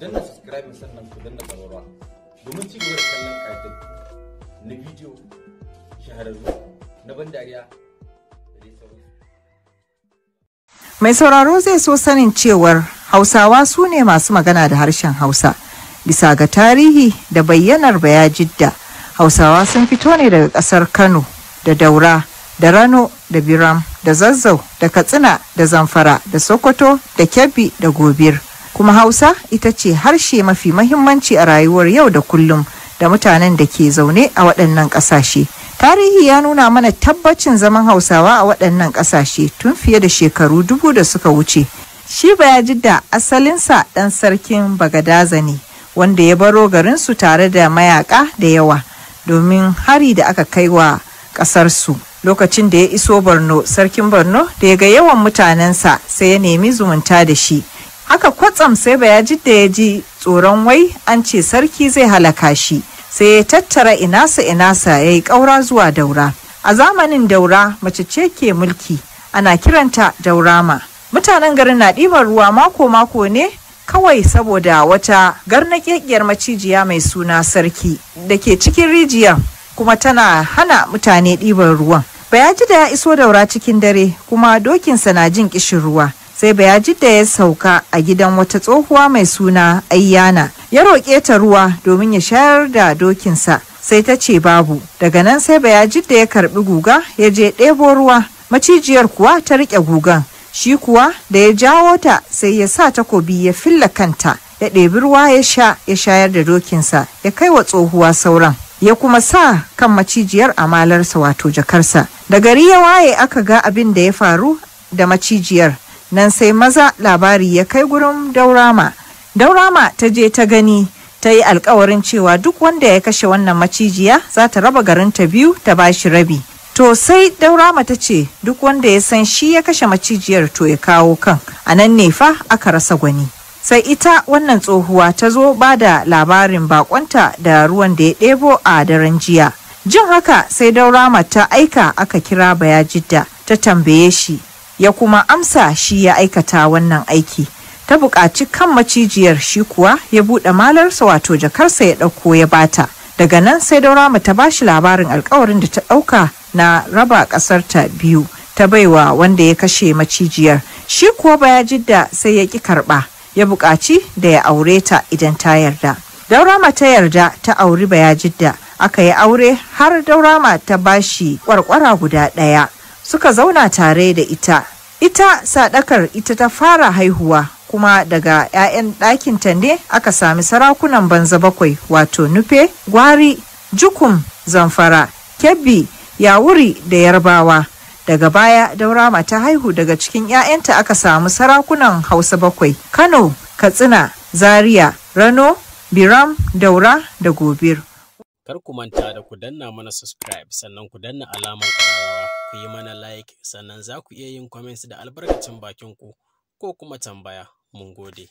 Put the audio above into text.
danna subscribe sannan ku danna ƙararwa domin ci gaba da kallon ƙa'idan na bidiyo shahararru na ban dariya da Mai sauraro zai so sanin cewar Hausawa su ne masu magana da harshen Hausa. Bisa ga tarihi da bayyanar bayajidda, Hausawa sun fito ne daga ƙasar Kano da Daura da Rano da Biram da Zazzau da Katsina da Zamfara da Sokoto da Kebbi da Gobir. kuma hausa ita ce harshe mafi mahimmanci a rayuwar yau da kullum da mutanen da ke zaune a waɗannan ƙasashe tarihi ya nuna mana tabbacin zaman hausawa a waɗannan ƙasashe tun fiye da shekaru dubu da suka wuce shi bayajidda asalinsa ɗan sarkin bagadaza ne wanda ya baro garinsu tare da mayaka da yawa domin hari da aka kai wa ƙasarsu lokacin da ya iso borno sarkin borno da ya ga yawan mutanensa sai ya nemi zumunta da shi Aka kwatsam sai da ya ji tsoron wai an ce sarki zai halaka shi sai ya tattara inasa inasa ya yi ƙaura zuwa daura. A zamanin daura mace ce ke mulki ana kiranta daurama. Mutanen garin na ɗiban ruwa mako-mako ne kawai saboda wata garnakekiyar macijiya mai suna sarki da ke cikin rijiya? kuma tana hana mutane ɗiban ruwan. Bayaji da ya iso daura cikin dare kuma dokinsa na jin ƙishin ruwa. sai da ya sauka a gidan wata tsohuwa mai suna ayyana ya roƙe ta ruwa domin ya shayar da dokinsa sai ta ce babu daga nan sai da ya karɓi guga ya je ɗebo ruwa macijiyar kuwa ta riƙe gugan shi kuwa da ya jawo ta sai ya sa takobi ya filla kanta ya ɗebi ruwa ya sha ya shayar da dokinsa ya kai wa tsohuwa sauran ya kuma sa kan macijiyar amalarsa wato jakarsa da gari ya waye aka ga abin da ya faru da macijiyar nan sai maza labari ya kai gurin daurama daurama ta je ta gani ta yi alkawarin cewa duk wanda ya kashe wannan macijiya za ta raba garin ta biyu ta ba shi rabi to sai daurama ta ce duk wanda ya san shi ya kashe macijiyar to ya kawo kan a nan ne fa aka rasa gwani sai ita wannan tsohuwa ta zo ba da labarin bakonta da ruwan da ya ɗebo a daren jiya jin haka sai daurama ta aika aka kira bayajidda ta tambaye shi ya kuma amsa shi ya aikata wannan aiki ta buƙaci kan macijiyar shi kuwa ya buɗe malarsa wato jakarsa ya ɗauko ya bata daga nan sai daurama ta bashi labarin alkawarin da ta ɗauka na raba ƙasarta biyu ta baiwa wanda ya kashe macijiyar shi kuwa baya jidda sai ya ƙi karɓa ya buƙaci da ya aure ta idan ta yarda daurama ta yarda ta auri baya jidda aka yi aure har daurama ta bashi ƙwarƙwara guda ɗaya suka zauna tare da ita ita sadakar ita ta fara haihuwa kuma daga 'ya'yan ɗakinta ne aka sami sarakunan banza bakwai wato nufe gwari jukum zamfara kebbi yawuri da yarbawa daga baya daurama ta haihu daga cikin 'ya'yanta aka sami sarakunan hausa bakwai kano katsina zaria rano biram daura da gobir kar ku manta da ku danna mana subscribe sannan ku danna alamar ƙararrawa ku yi mana like sannan za ku iya yin comments da albarkacin bakin ku ko kuma tambaya mun gode